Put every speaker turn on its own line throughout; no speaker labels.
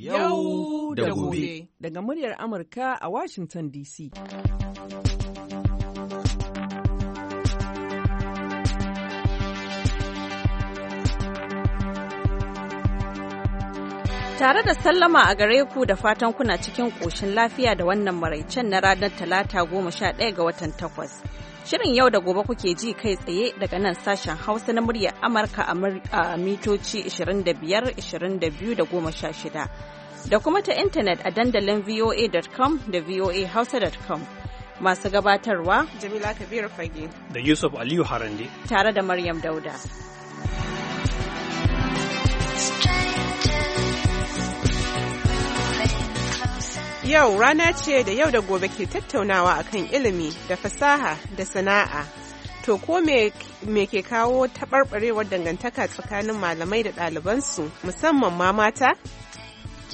yau da gobe.
Daga muryar Amurka a Washington DC.
Tare da sallama a gare ku da fatan kuna cikin ƙoshin lafiya da wannan maraicen na ranar talata goma sha ɗaya ga watan takwas. Shirin yau da gobe kuke ji kai tsaye daga nan sashen Hausa na muryar Amurka a mitoci 25, 22 da 16. Da kuma ta intanet a dandalin voa.com da voahausa.com. Masu gabatarwa
Jamila Kabiru Fage
da Yusuf Aliyu Harande
tare da Maryam
Dauda. Yau rana ce da yau da gobe ke tattaunawa akan ilimi da fasaha da sana'a. To ko me ke kawo taɓarɓarewar dangantaka tsakanin malamai da ɗalibansu musamman ma mata?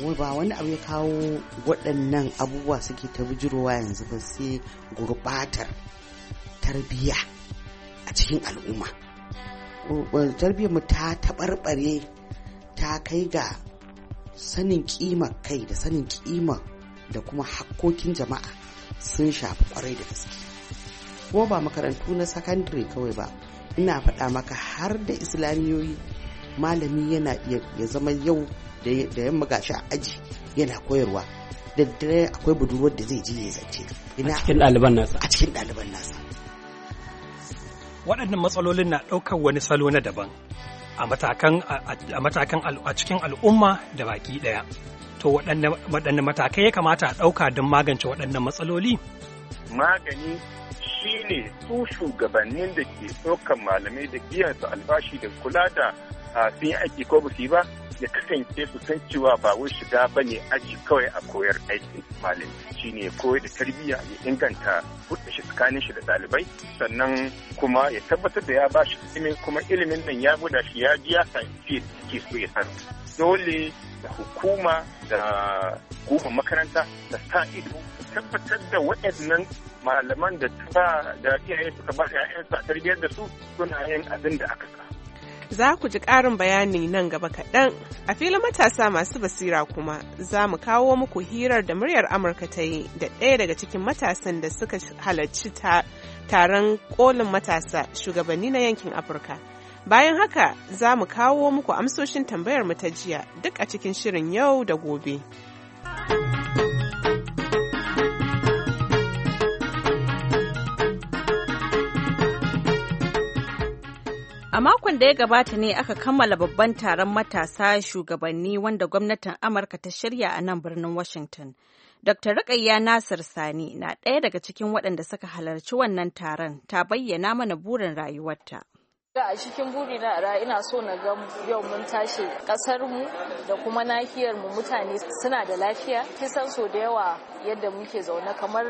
wai ba wani abu ya kawo waɗannan abubuwa suke ta bijirowa yanzu ba sai gurɓatar tarbiyya a cikin al'umma tarbiyyar mu ta taɓarɓare ta kai ga sanin ƙima kai da sanin ƙimar da kuma hakkokin jama'a sun shafi kwarai da gaske kuma ba makarantu na sakandare kawai ba ina faɗa maka har da islamiyoyi malami yana ya zama yau da yamma gashi a aji yana koyarwa da dare akwai budurwar da zai je ya zance a cikin
ɗaliban nasa a cikin
ɗaliban nasa
waɗannan matsalolin na ɗaukar wani salo na daban a matakan a cikin al'umma da baki ɗaya to waɗanne matakai ya kamata a ɗauka don magance waɗannan matsaloli?
Magani shi ne su shugabannin da ke ɗaukan malamai da su albashi da kula da sun yi aiki ko ba ba ya kasance su san cewa ba wai shiga ba ne aji kawai a koyar aikin malami shi ne koyar da tarbiyya ya inganta hudda shi tsakanin shi da ɗalibai sannan kuma ya tabbatar da ya ba shi ilimin kuma ilimin nan ya buda shi ya ji ya sa ke so ya san dole da hukuma da hukumar makaranta da sa ido tabbatar da waɗannan malaman da ba da iyaye suka ba da a tarbiyyar da su suna yin abin da aka sa.
Za ku ji ƙarin bayani nan gaba kaɗan a filin matasa masu basira kuma za mu kawo muku hirar da muryar Amurka ta yi da ɗaya daga cikin matasan da suka halarci taron ƙolin matasa shugabanni na yankin Afirka. Bayan haka za mu kawo muku amsoshin tambayar ta jiya duk a cikin shirin yau da gobe.
A makon da ya gabata ne aka kammala babban taron matasa shugabanni wanda gwamnatin Amurka ta shirya a nan birnin Washington. Dr. Rukayya Nasir Sani na ɗaya daga cikin waɗanda suka halarci wannan taron ta bayyana mana burin rayuwarta.
a cikin buri na ra ina so na ga yau mun tashi kasar mu da kuma nahiyar mu mutane suna da lafiya kisan so da yawa yadda muke zaune kamar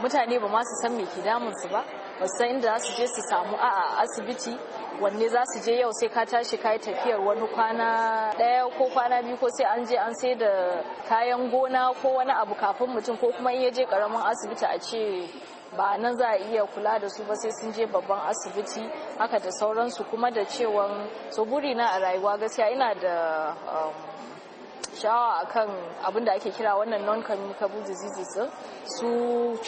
mutane ba masu san me ke damun su ba ba san inda za su je su samu a asibiti wanne za su je yau sai ka tashi kayi tafiyar wani kwana ɗaya ko kwana biyu ko sai an je an sai da kayan gona ko wani abu kafin mutum ko kuma in ya je karamin asibiti a ce ba nan za a iya kula da su ba sai sun je babban asibiti haka da sauransu kuma da cewan so buri na a rayuwa gaskiya ina da um, sha'awa akan abin da ake kira wannan non-communicable diseases su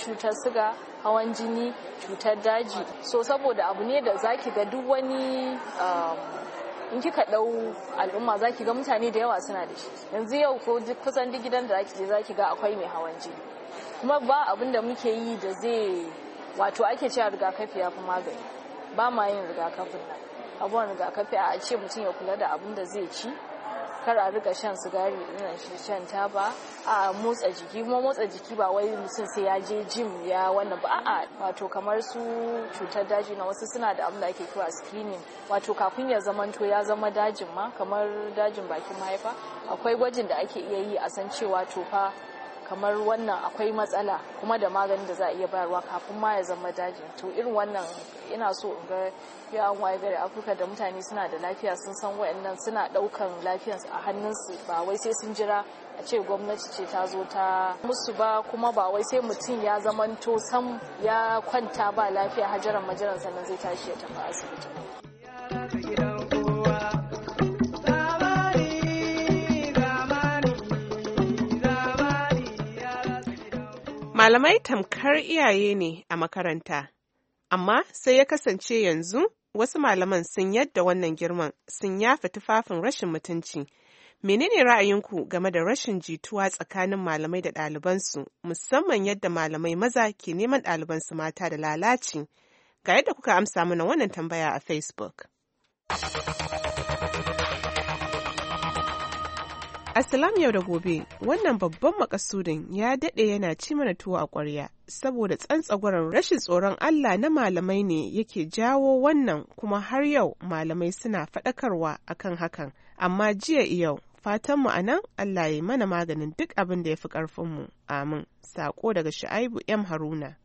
cutar siga hawan jini cutar daji so saboda abu ne da zaki ga duk wani um, in kika dau al'umma zaki ga mutane da yawa suna da shi yanzu yau ko kusan duk gidan da zaki je zaki ga akwai mai hawan jini kuma ba abin da muke yi da zai wato ake cewa rigakafi ya fi magani ba ma yin rigakafin nan abuwan rigakafi a ce mutum ya kula da abin da zai ci kar a riga shan sigari ina shi shan taba a motsa jiki kuma motsa jiki ba wai mutum sai ya je jim ya wannan ba a wato kamar su cutar daji na wasu suna da abin da ake kiwa screening wato kafin ya zama to ya zama dajin ma kamar dajin bakin mahaifa akwai gwajin da ake iya yi a san cewa to fa kamar wannan akwai matsala kuma da maganin da za a iya bayarwa kafin ma ya zama daji to irin wannan ina so in ga ya wayar afirka da mutane suna da lafiya sun san wayannan suna daukan lafiyarsu a hannunsu ba wai sai sun jira a ce gwamnati ce ta zo ta musu ba kuma ba wai sai mutum ya zamanto sam ya kwanta ba lafiya hajaran majiran sannan zai tashi ya tafi asibiti
Malamai tamkar iyaye ne a makaranta, amma sai ya kasance yanzu wasu malaman sun yadda wannan girman sun yafi tufafin rashin mutunci. Menene ra'ayinku game da rashin jituwa tsakanin malamai da ɗalibansu musamman yadda malamai maza ke neman ɗalibansu mata da lalaci? Ga yadda kuka amsa mana wannan tambaya a Facebook. Asalam yau da gobe wannan babban makasudin ya daɗe yana ci mana tuwo a kwarya saboda tsantsagwaron rashin tsoron Allah na malamai ne yake jawo wannan kuma har yau malamai suna faɗakarwa akan hakan amma jiya yau fatanmu a nan Allah ya mana maganin duk abin da ya fi ƙarfinmu amin sako daga sha'aibu M Haruna.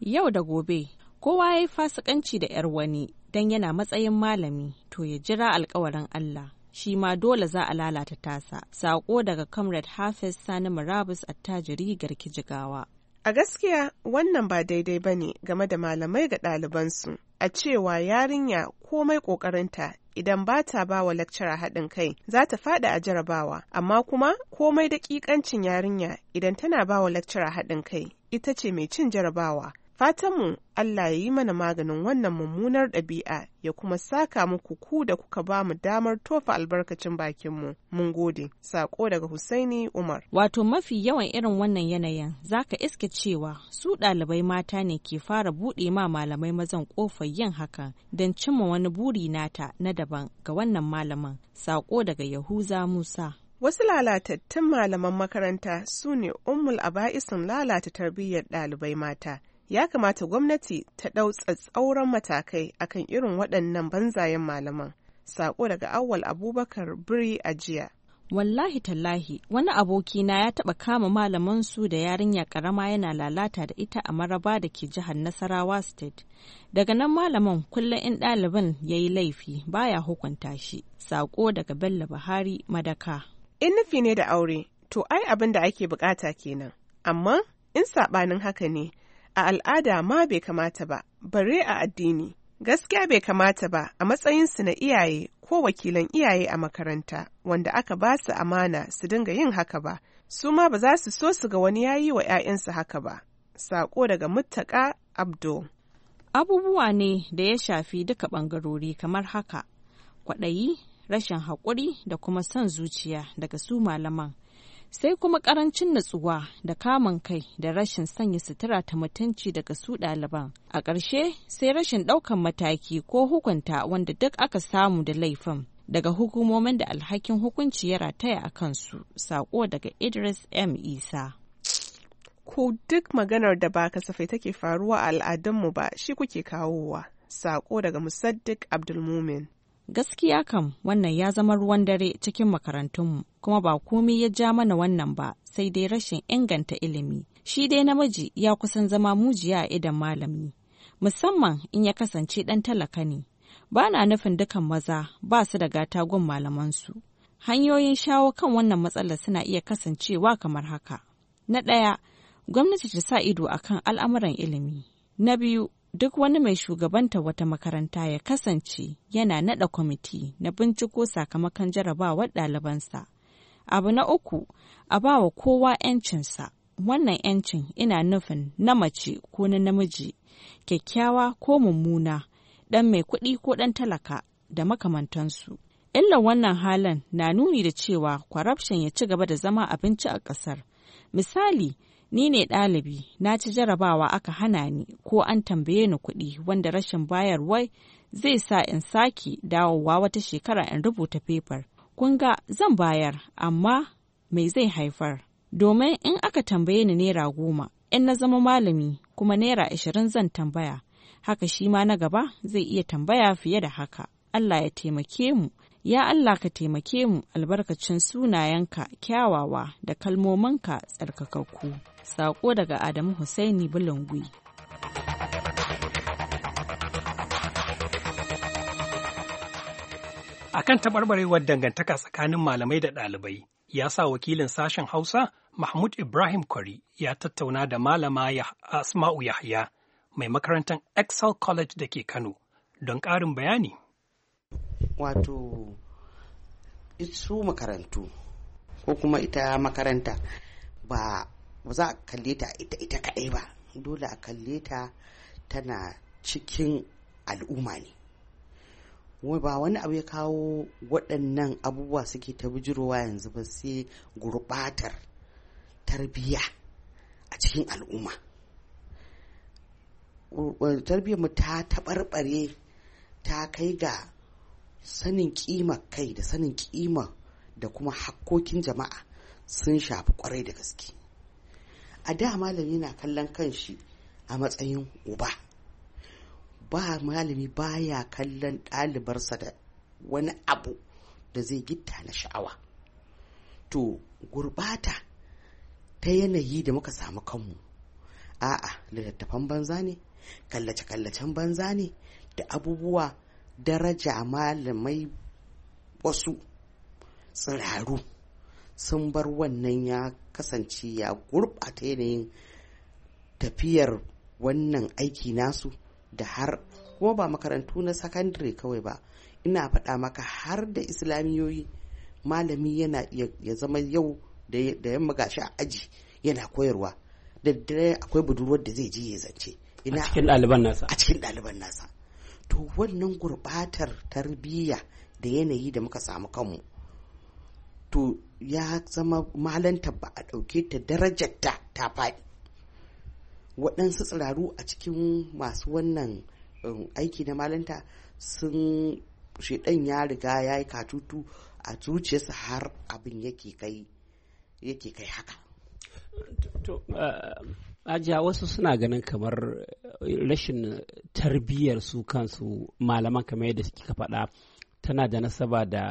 Yau da gobe kowa ya yi fasikanci da 'yar wani don yana matsayin malami
to ya jira alkawarin Allah. shi ma dole za a lalata tasa. Saƙo daga Comrade Hafiz Sani Murabus attajiri garki jigawa.
A gaskiya wannan ba daidai ba ne game da malamai ga ɗalibansu. A cewa yarinya komai ƙoƙarinta idan ba ta ba wa lakcara haɗin kai za ta faɗi a jarabawa amma kuma komai daƙiƙancin yarinya idan tana ba wa lakcara haɗin kai ita ce mai cin jarabawa Fatanmu Allah ya yi mana maganin wannan mummunar ɗabi'a ya kuma saka muku ku da kuka ba mu damar tofa albarkacin bakinmu. Mun gode, sako daga Husaini Umar.
Wato mafi yawan irin wannan yanayin zaka ka iske cewa su ɗalibai mata ne ke fara buɗe ma malamai mazan ƙofar yin hakan don cimma wani buri nata na daban ga wannan malaman Sako daga Yahuza Musa.
Wasu lalatattun malaman makaranta su ne ummul aba'isin lalata tarbiyyar ɗalibai mata. ya kamata gwamnati ta ɗau tsatsauran matakai akan irin waɗannan banzayen malaman. Sako daga Awwal Abubakar Biri a jiya. Wallahi tallahi
wani abokina ya taɓa kama malaman su da yarinya ƙarama yana lalata da ita a maraba da ke jihar Nasarawa State. Daga nan malaman kullum in ɗaliban ya yi laifi
baya hukunta shi. Sako daga Bello Buhari Madaka. In nufi ne da aure, to ai abin da ake bukata kenan. Amma in saɓanin haka ne, a al'ada ma bai kamata ba, bare a addini. Gaskiya bai kamata ba a matsayinsu na iyaye ko wakilan iyaye a makaranta wanda aka ba su amana su dinga yin haka ba, su ma ba za su so su ga wani yayi wa 'ya'yansu haka ba. Sako daga Muttaka abdo. Abubuwa ne da ya shafi duka ɓangarori kamar haka,
kwaɗayi, rashin haƙuri da kuma son zuciya daga su malaman. sai kuma karancin natsuwa da kamun kai da rashin sanya sutura ta mutunci daga su ɗaliban a ƙarshe sai rashin ɗaukan mataki ko hukunta wanda duk aka samu da laifin daga hukumomin da alhakin hukunci ya rataya a kansu saƙo daga idris m isa
ko duk maganar da ba kasafai take faruwa a al'adunmu ba shi kuke kawowa saƙo daga musaddik abdulmumin
Gaskiya kam wannan ya zama ruwan dare cikin makarantunmu kuma ba komai ya ja mana wannan ba sai dai rashin inganta ilimi. Shi dai namiji ya kusan zama mujiya a idan malami, musamman in ya kasance ɗan talaka ne. Ba na nufin dukan maza ba su da gata gun malamansu. Hanyoyin shawo kan wannan matsalar suna iya kasancewa kamar haka. Na ɗaya, gwamnati ta sa ido akan al'amuran ilimi. Na biyu, duk wani mai shugabanta wata makaranta ya kasance yana nada kwamiti na binciko sakamakon jarabawar ɗalibansa. Abu na uku, a ba wa kowa 'yancinsa. Wannan 'yancin ina nufin na mace ko na namiji, kyakkyawa ko mummuna, ɗan mai kuɗi ko ɗan talaka da makamantansu. Illan wannan halin na nuni da cewa kwarabshin ya ci gaba da zama abinci a ƙasar. Misali, Ni ne ɗalibi, na ci jarabawa aka hana ni ko an tambaye ni kuɗi wanda rashin bayarwai zai sa in sake dawowa wata shekara in rubuta fefar. Kun ga zan bayar, amma mai zai haifar. Domin in aka tambaye ni naira goma, in na zama malami kuma naira ashirin zan tambaya. Haka shi ma na gaba zai iya tambaya fiye da haka. Allah ya taimake mu. Ya Allah ka taimake mu albarkacin sunayenka kyawawa da kalmominka tsarkakakku. Sako daga Adamu Hussaini Bulungui.
A kan taɓarɓarewar dangantaka tsakanin malamai da ɗalibai, ya sa wakilin sashen Hausa Mahmud Ibrahim Kwari ya tattauna da malama Asma'u Yahya mai makarantar Excel College da ke Kano don ƙarin bayani.
Wato, su makarantu ko kuma ita makaranta ba ba za a kalle ta ita ita kaɗai ba dole a kalle ta tana cikin al'umma ne ba wani abu ya kawo waɗannan abubuwa suke ta bijirowa yanzu ba sai gurɓatar tarbiyya a cikin al'umma mu ta taɓarɓare ta kai ga sanin ƙima kai da sanin ƙima da kuma hakkokin jama'a sun shafi kwarai da gaske a da malami na kallon kanshi a matsayin uba ba malami baya kallon ɗalibarsa da wani abu da zai gitta na sha'awa to gurbata ta yanayi da muka samu kanmu a'a littattafan banza ne kallace-kallacen banza ne da abubuwa daraja malamai wasu tsiraru sun bar wannan ya kasance ya gurɓata yanayin tafiyar wannan aiki nasu da har kuma ba makarantu na sakandare kawai ba ina faɗa maka har da islamiyoyi malami yana ya zama yau da yamma gashi a aji yana koyarwa da dare akwai budurwar da zai je ya zance ɗaliban nasa a cikin ɗaliban nasa to wannan gurɓatar tarbiyya da yanayi da muka samu kanmu to ya zama malanta ba a ɗauke ta darajar ta ta faɗi waɗansu tsiraru a cikin masu wannan um, aiki na malanta sun shaidan ya riga ya yi katutu a zuciyarsa har abin yake kai
haka uh, ajiya wasu suna ganin kamar rashin tarbiyyar su kansu malaman kamar yadda suka faɗa tana da nasaba da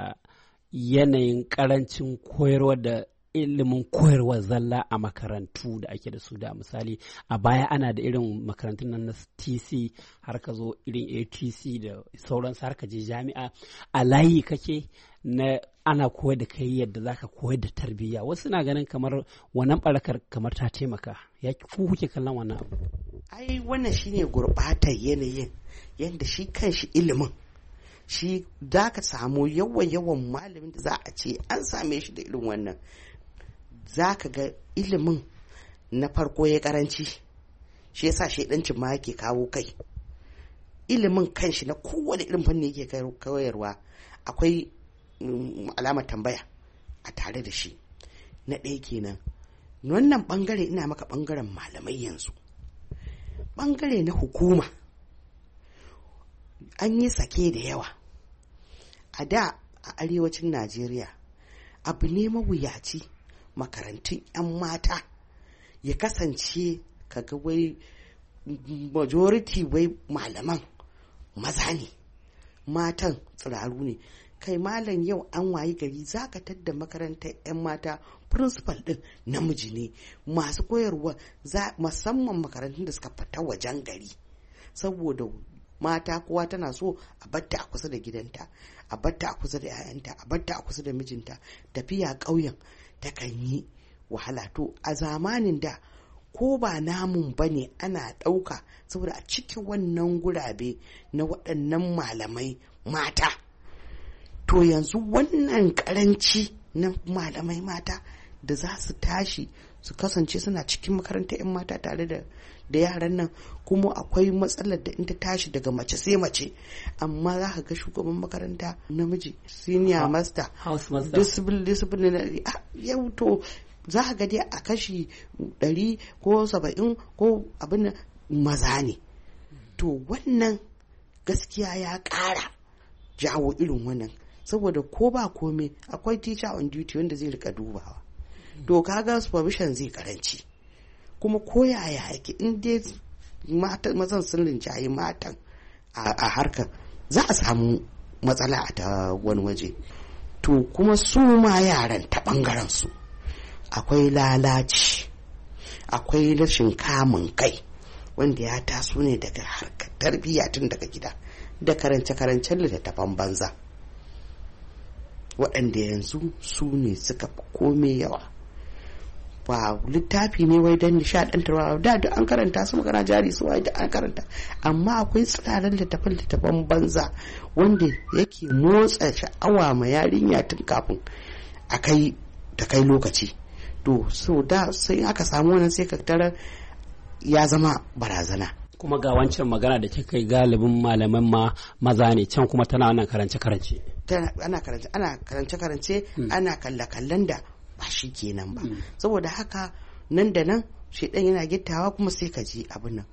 yanayin karancin koyarwa da ilimin koyarwa zalla a makarantu da ake da su da misali a baya ana da irin makarantun nan na tc har ka zo irin atc da sauransu har ka je jami'a a layi kake na ana koyar da kai yadda za ka koyar da tarbiyya wasu na ganin kamar wannan barakar kamar ta taimaka ya ku kuke kallon wannan abu
ai wannan shine gurbatar yanayin yadda shi kanshi ilimin shi da ka samu yawan yawan malamin da za a ce an same shi da irin wannan za ka ga ilimin na farko ya karanci shi yasa dan ma yake kawo kai ilimin kanshi na kowane irin fanni yake koyarwa akwai mm, alamar tambaya a tare da shi na ɗaya kenan wannan bangare ina maka bangaren malamai yanzu ɓangare na hukuma an yi sake da yawa a da a arewacin najeriya abu ne mawuyaci makarantun 'yan mata ya kasance kaga wai majority wai malaman maza ne matan tsiraru ne kai malam yau an wayi gari za ka tadda makarantar 'yan mata principal din namiji ne masu koyarwa musamman makarantun da suka fita wajen gari saboda mata kowa tana so a batta a kusa da gidanta a batta a kusa da 'ya'yanta a batta a kusa da mijinta tafiya ƙauyen takan yi wahala to a zamanin da ko ba namun ba ne ana ɗauka saboda a cikin wannan gurabe na waɗannan malamai mata to yanzu wannan karanci na malamai mata da za su tashi su kasance suna cikin makarantar 'yan mata tare da da yaran nan kuma akwai matsalar da in ta tashi daga mace sai mace amma za ka ga shugaban makaranta namiji senior master disciplinary ah, yau to za ka a kashi 100 ko 70 ko abin maza ne to wannan gaskiya ya ƙara jawo irin wannan saboda ko ba komai akwai teacher on duty wanda zai rika dubawa to ga supervision zai karanci kuma koyaya ake in dai mazan sun rinjaye matan a harkar za a samu matsala a ta wani waje to kuma su ma yaran ta bangaren su akwai lalaci akwai rashin kamun kai wanda ya taso ne daga harkar tarbiyya tun daga gida da karance-karancen littattafan banza waɗanda yanzu su ne suka fi komai yawa ba littafi ne wai don nishadantarwa da duk an karanta su magana jari su wai da an karanta amma akwai tsirarin littafin littafan banza wanda yake motsa sha'awa ma yarinya tun kafin a kai ta kai lokaci to so da sai aka samu wannan sai ka ya zama barazana
kuma ga wancan magana da kika galibin malaman ma maza ne can kuma tana wannan karance karance
ana karance ana karance karance hmm. ana kalle kallen da ba shi kenan ba mm. saboda haka nan da nan shedan yana gittawa kuma sai ka ji abin nan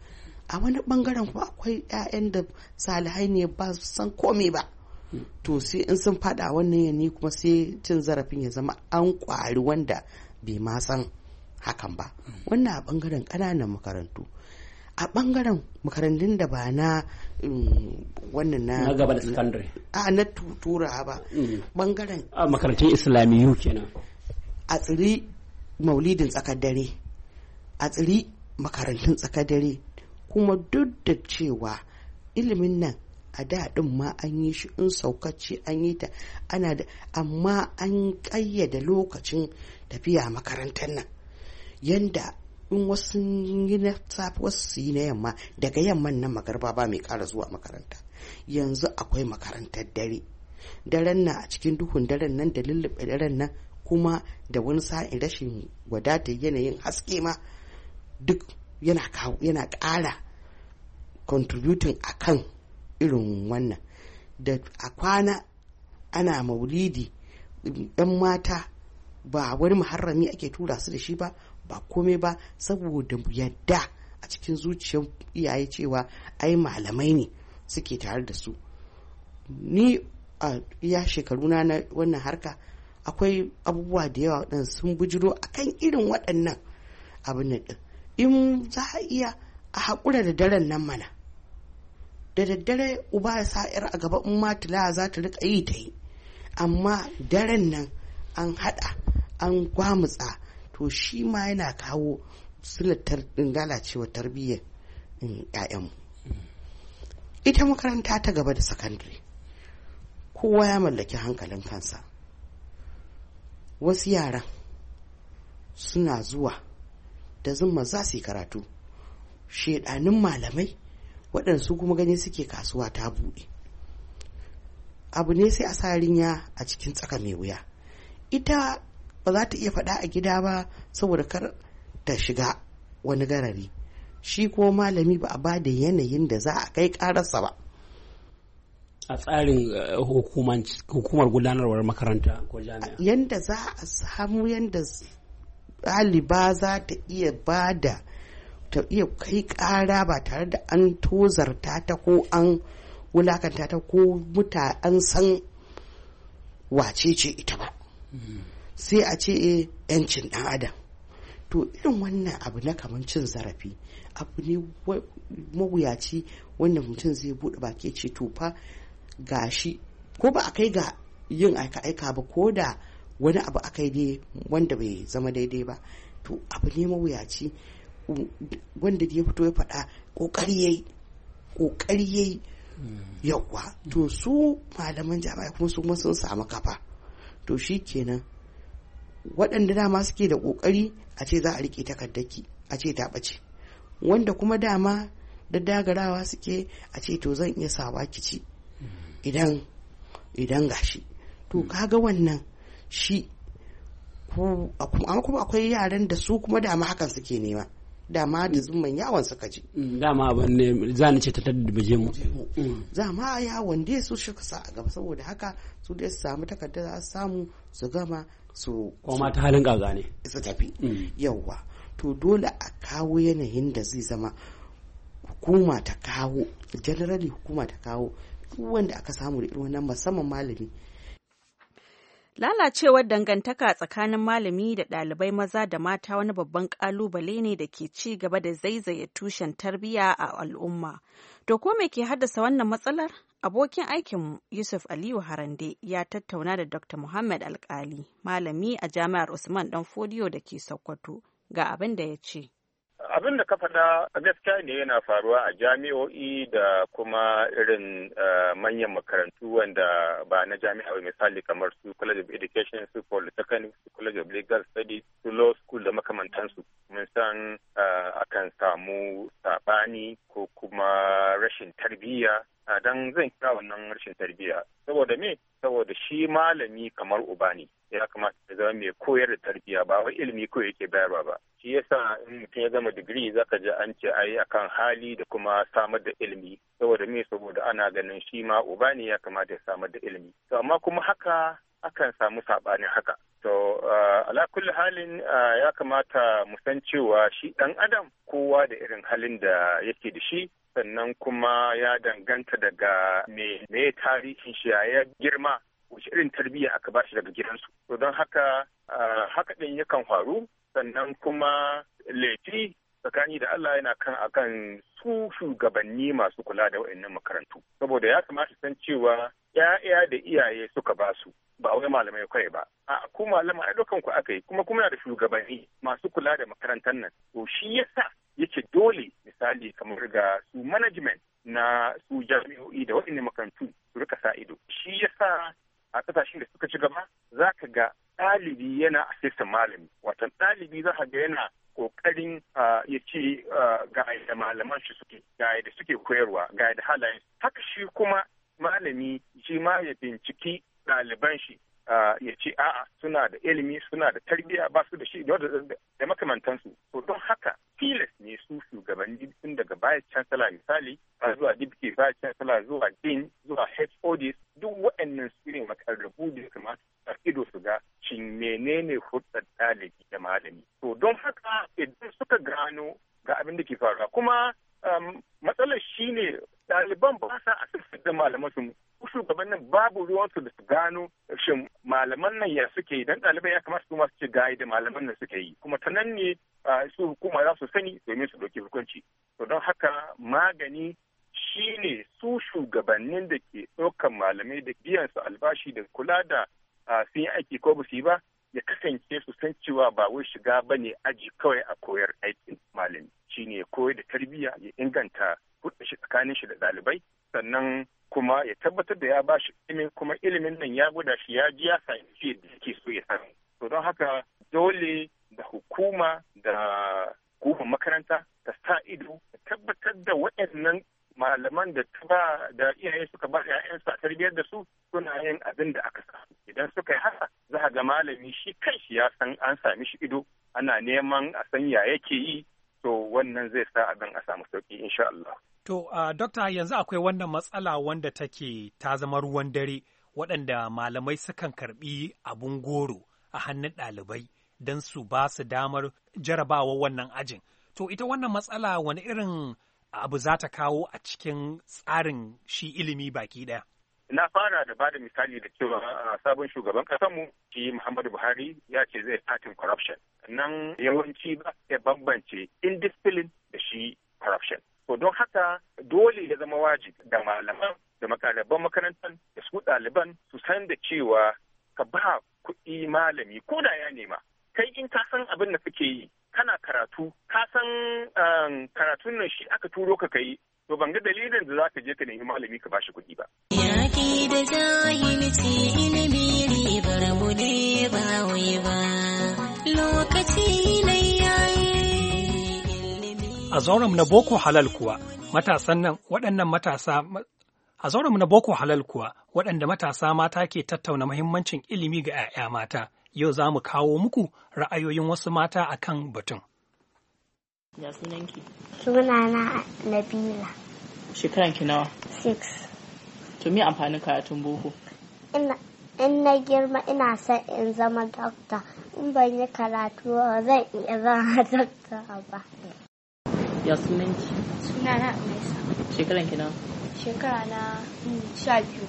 a wani bangaren kuma akwai 'ya'yan da salihai ne ba su san komai ba mm. to sai in sun fada wannan yanni kuma sai cin zarafin ya zama an kwari wanda bai ma san hakan ba mm. wannan a bangaren ƙananan makarantu a bangaren makarantun da ba na wannan na gaba da secondary a na tutura ba bangaren
a makarantun islamiyu kenan
a tsiri maulidin tsakar dare a tsiri makarantun tsakar dare kuma duk da cewa ilimin nan a da ɗin ma an yi shi in saukacce an yi ta ana da amma an ƙayyade lokacin tafiya makarantar nan yanda in wasu yi na safi wasu su yi na yamma daga yamman nan magarba ba mai ƙara zuwa makaranta yanzu akwai makarantar dare daren na a cikin duhun daren nan da lullube daren nan kuma da wani sa'in rashin wadatar yanayin haske ma duk yana kawo yana ƙara contributing akan irin wannan da a kwana ana maulidi ɗan mata ba wani muharrami ake tura su da shi ba ba komai ba saboda yadda a cikin zuciyar iyaye cewa ai malamai ne suke tare da su ni a iya shekaruna na wannan harka akwai abubuwa da yawa ɗin sun bujiro kan irin waɗannan abin nan in za a iya a haƙura da daren nan mana da daddare uba ya sa yar a gaba in ma tula za ta rika yi ta yi amma daren nan an haɗa an gwamutsa to shi ma yana kawo silatar lalacewa tarbiyyar 'ya'yanmu mm, ita makaranta ta gaba da sakandare kowa ya mallaki hankalin kansa wasu yara suna zuwa da zuma za su yi karatu shaidanin malamai waɗansu kuma gani suke kasuwa ta buɗe abu ne sai a sa yarinya a cikin tsaka mai wuya ita ba za ta iya faɗa a gida ba saboda kar ta shiga wani garari shi ko malami ba a ba da yanayin da za a kai ƙararsa ba
a tsarin eh, hukumar gudanarwar makaranta
ko jami'a yanda za a samu yadda ɗaliba za ta iya ba ta iya kai ƙara ba tare da an tozarta ta ko an wulakanta ta ko muta an san wace ce ita ba hmm. sai a ce eh, yancin ɗan adam to irin wannan abu na kamar cin zarafi abu ne mawuyaci wannan mutum zai buɗe baki ce to fa gashi ko ba a kai ga yin aika-aika ba ko da wani abu a kai dai wanda bai zama daidai ba to abu ne mawuyaci um, wanda ya fito ya faɗa ƙoƙari ya yi ƙoƙari ya yi yawwa to su malaman jami'a kuma su sun samu kafa to shi kenan waɗanda dama suke da ƙoƙari a ce za a riƙe takardaki a ce ta ɓace wanda kuma dama da dagarawa suke a ce to zan iya sawa ki ci. idan idan gashi to hmm. kaga wannan shi amma kuma akwai yaran da su kuma dama hakan suke nema dama da zuman yawon suka ji
hmm, dama abin ne za ni ce ta tadbije mu
hmm. za ma yawon dai su shi sa a gaba saboda haka su dai su samu takardar za su samu su gama su koma ta halin gaza ne su tafi yawwa to dole a kawo yanayin da zai zama hukuma ta kawo generally hukuma ta kawo wanda aka samu da irin wannan musamman malami
Lalacewar dangantaka tsakanin malami da ɗalibai maza da mata wani babban ƙalubale ne da ke ci gaba da zaizaya tushen tarbiyya a al'umma. To ko me ke haddasa wannan matsalar? Abokin aikin Yusuf Aliyu Harande ya tattauna da Dr. Muhammad Alkali, malami a Jami'ar Usman ɗan da ke Sokoto, ga abin da ya ce.
abin da ka faɗa gaskiya ne yana faruwa a jami'o'i da kuma irin eh, manyan makarantu wanda ba na jami'a ba misali kamar su college of education su polytechnic su college of legal studies su law school da makamantansu mun san eh, akan samu saɓani ko kuma rashin tarbiyya dan zan kira wannan rashin tarbiyya saboda me saboda shi malami kamar uba ne ya kamata ya zama mai koyar da tarbiyya ba wai ilimi ko yake bayarwa ba shi yasa in mutum ya zama digiri za ka ji an ce ai akan hali da kuma samar da ilimi saboda me saboda ana ganin shi ma uba ne ya kamata ya samar da ilimi to amma kuma haka akan samu saɓanin haka to ah, ala kulli halin ah, ya kamata mu san cewa shi ɗan adam kowa da irin halin da yake da shi sannan kuma ya danganta daga me me tarihin shi ya girma wace irin tarbiyya aka bashi daga gidansu to don haka haka din yakan faru sannan kuma laifi tsakani da Allah yana kan akan su shugabanni masu kula da wa'annan makarantu saboda ya kamata san cewa ya'ya da iyaye suka ba su ba wai malamai kawai ba a ku malamai ai ku aka yi kuma kuma da shugabanni masu kula da makarantar nan to shi yasa yace dole misali kamar ga su management na su jami'o'i da waɗannan makarantu su rika sa ido shi yasa a ƙasashen da suka ci gaba za ka ga ɗalibi yana asistan malami watan ɗalibi za ka ga yana ƙoƙarin ya ce ga da malaman shi suke ga da suke koyarwa ga da halayen haka shi kuma malami shi ma ya binciki ɗaliban shi ya ce a'a suna da ilimi suna da tarbiyya ba su da shi da makamantansu to don haka tilas ne su shugabanni tun daga bayan chancellor misali a zuwa dibke bayan zuwa din zuwa HODs duk waɗannan su ne makarrabu da kamata a ido su ga cin menene hudar ɗalibi da malami to don haka idan suka gano ga abin da ke faruwa kuma um, matsalar shine ɗaliban ba sa a da malamansu su shugabannin babu ruwansu da su gano shin malaman nan ya suke yi dan ɗalibai ya kamata su ma su ci gayi da malaman nan suke yi kuma ta nan ne su hukuma za su sani domin su ɗauki hukunci to don haka magani shi ne su shugabannin da ke ɗaukan malamai da biyan su albashi da kula da sun yi aiki ko ba yi ba ya kasance su san cewa ba wai shiga ba ne aji kawai a koyar aikin malami ne koyar da tarbiyya ya inganta kuɗa shi tsakanin shi da ɗalibai sannan kuma ya tabbatar da ya ba shi ilimin kuma ilimin nan ya gwada shi ya ji ya sami shi da yake so ya sami to don haka dole da hukuma da kuma makaranta ta sa ido ta tabbatar da waɗannan malaman da ta ba da iyaye suka ba ya'yan a tarbiyyar da su suna yin abin da aka sa idan suka yi haka za ga malami shi kanshi ya san an sami shi ido ana neman a san ya yake yi to wannan zai sa abin a samu sauƙi insha Allah
To, a Dokta yanzu akwai wannan matsala wanda take ta zama ruwan dare waɗanda malamai sukan karɓi abun goro a hannun ɗalibai don su ba su damar jarabawa wannan ajin. To, ita wannan matsala wani irin abu za ta kawo a cikin tsarin shi ilimi baki ɗaya?
Na fara da bada misali da cewa sabon shugaban ƙasarmu shi Muhammadu Buhari ya ce zai fatin corruption. Nan yawanci ba ya bambance indiscipline da shi corruption. To don haka dole ya zama wajibi da malaman da makalaban makarantar da su ɗaliban su san da cewa ka ba kuɗi malami ko da ya nema. Kai in ka san abin da kake yi kana karatu ka san um, karatun nan shi aka turo ka kai to ban ga dalilin da za ka je ka nemi malami ka ba shi kuɗi ba.
Yaƙi da jahilci
a zauren na Boko Halal kuwa matasan nan waɗannan matasa a zauren na Boko Halal kuwa waɗanda matasa mata ke tattauna muhimmancin ilimi ga 'ya'ya mata. Yau za mu kawo muku ra'ayoyin wasu mata a kan batun.
Ya sunanki? Sunana Nabila.
ki nawa? Six. To me amfanin karatun boko?
In na girma ina son in zama dokta. In ban yi karatu zan
iya zama dokta ba. ya sunan suna na amisa shekaran kina. shekara na hmm, sha biyu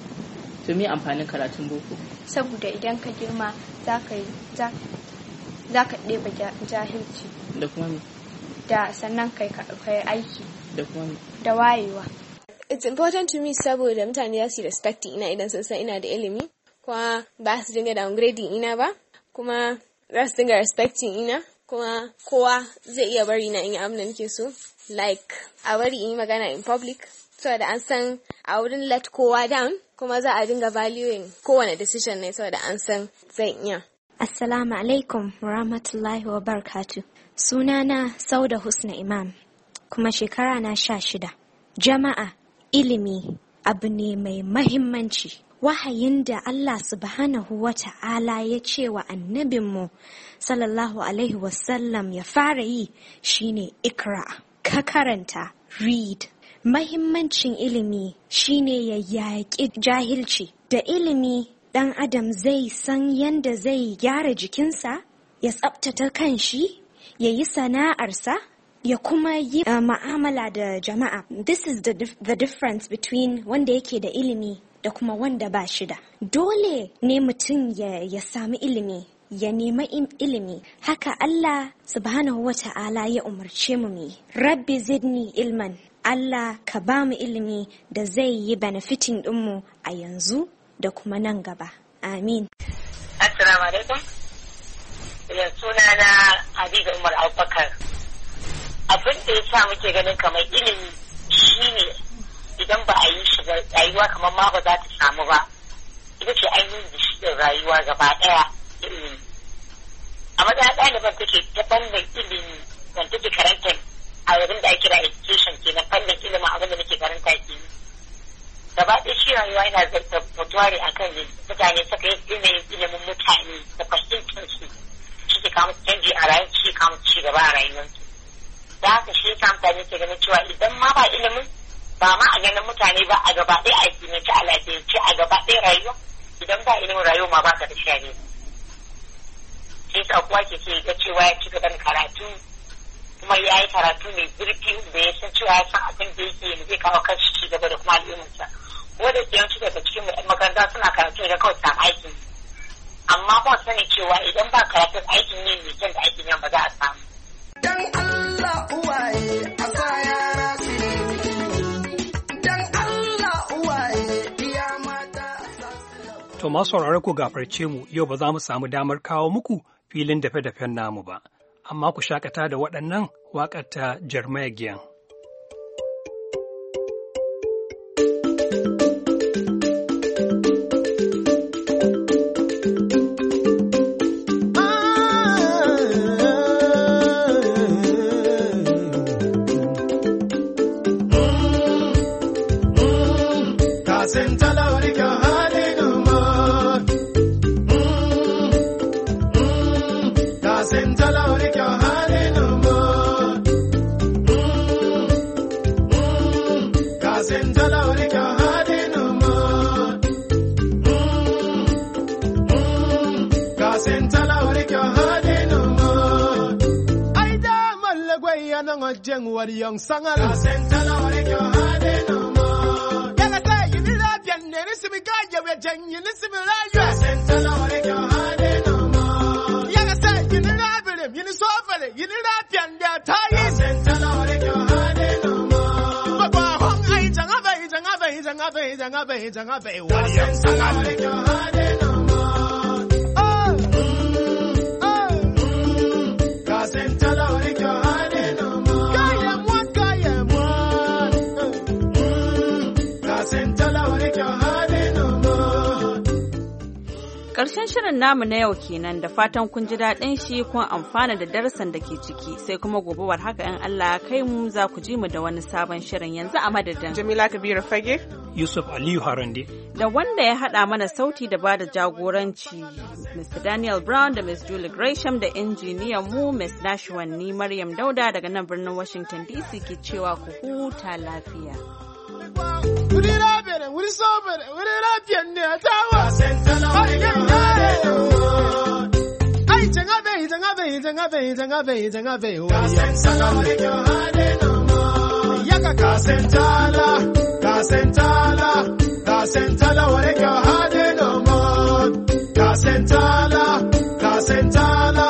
to me amfanin karatun boko
saboda idan ka girma za ka yi ɗeba jahilci da kuma me da sannan kai kai aiki da kuma me da wayewa it's important to me saboda mutane za su respect ina idan sun san ina da ilimi kuma ba su dinga downgrading ina ba kuma za su dinga respecting ina kuma kowa zai iya bari na in yi abin da nake so like a bari in yi magana in public saboda an san a wurin let kowa down kuma za a dinga valuing kowane decision ne saboda an san zai iya assalamu alaikum rahmatullahi wa barakatu na sauda husna imam kuma shekara na sha shida jama'a ilimi abu ne mai mahimmanci wahayin da Allah subhanahu wa ta'ala ya ce wa annabinmu sallallahu alaihi wasallam ya fara yi shine ikra ka karanta read mahimmancin ilimi shine ya yaƙi jahilci da ilimi ɗan adam zai san yanda zai gyara jikinsa ya tsabtata kanshi ya yi sana'arsa ya kuma yi uh, ma'amala da jama'a this is the, dif the difference between wanda yake da ilimi da kuma wanda ba shi da dole ne mutum ya sami ilimi ya nema ilimi haka Allah subhanahu wa ta'ala ya umarce mu mi. rabbi zidni ilman Allah ka ba mu ilimi da zai yi benefitin dinmu a yanzu da kuma nan gaba amin
assalamu alaikum suna na Habiba Umar Abubakar abin da ya sa muke ganin kamar ilimi shine idan ba a yi shi ba rayuwa kamar ma ba za ta samu ba ita ce ainihin bishiyar rayuwa gaba ɗaya ilimi a matsayin ɗaliban take ta fannin ilimi wanda take karantar a wurin da ake da education ke na fannin ilimin abin da nake karanta ke yi gaba ɗaya shi rayuwa yana zarta mutuwari a kan mutane suka yi ilimin ilimin mutane da fahimtar su shi ke kawo canji a rayuwa shi ke kawo ci gaba a rayuwarsu da haka shi ya mutane ke ganin cewa idan ma ba ilimin ba ma a ganin mutane ba a gaba ɗaya a kimanci a lafiyance a gaba ɗaya rayuwa idan ba ilimin rayuwa ma ba ka da shari sai sa kuwa ke ke ga cewa ya ci gaban karatu kuma ya yi karatu mai zurfi da ya san cewa ya san abin da yake yi zai kawo kansu ci gaba da kuma al'ummarsa da ke yanci daga cikin mu makaranta suna karatu da kawai samu aiki amma ba sani cewa idan ba karatun aikin yin kyan da aikin yan ba za a samu
dan Allah uwaye a
To masu ku gafarce mu yau ba za mu samu damar kawo muku filin dafe-dafen namu ba, amma ku shakata da waɗannan waƙar ta giyan
no more. Yeah, sangal. Yala ta yini la bian neri simi ga yewe jeng yini simi la yue. you need yini la bilim yini sofale yini la bian dia ta yin. Baba hong ai jang abe jang abe jang abe jang abe jang abe. Wali yang sangal.
Ƙarshen shirin namu na yau kenan da fatan kun ji daɗin shi kun amfana da darasan da ke ciki sai kuma gobe war haka in Allah kai mu za ku ji mu da wani sabon shirin yanzu a madadin.
Jamila Kabiru Fage. Yusuf Aliyu Harande.
Da wanda ya haɗa mana sauti da ba da jagoranci Mr. Daniel Brown da Ms. Julie Gresham da injiniyan mu Ms. Nashwan ni Maryam Dauda daga nan birnin Washington DC ke cewa ku huta lafiya.
صابر ولي صابر ولي لا تيني اتعوى اي جنابي جنابي جنابي جنابي جنابي كاسن سلام لك يا كاسن تالا كاسن تالا كاسن تالا ولك يا هادي نومون كاسن تالا كاسن تالا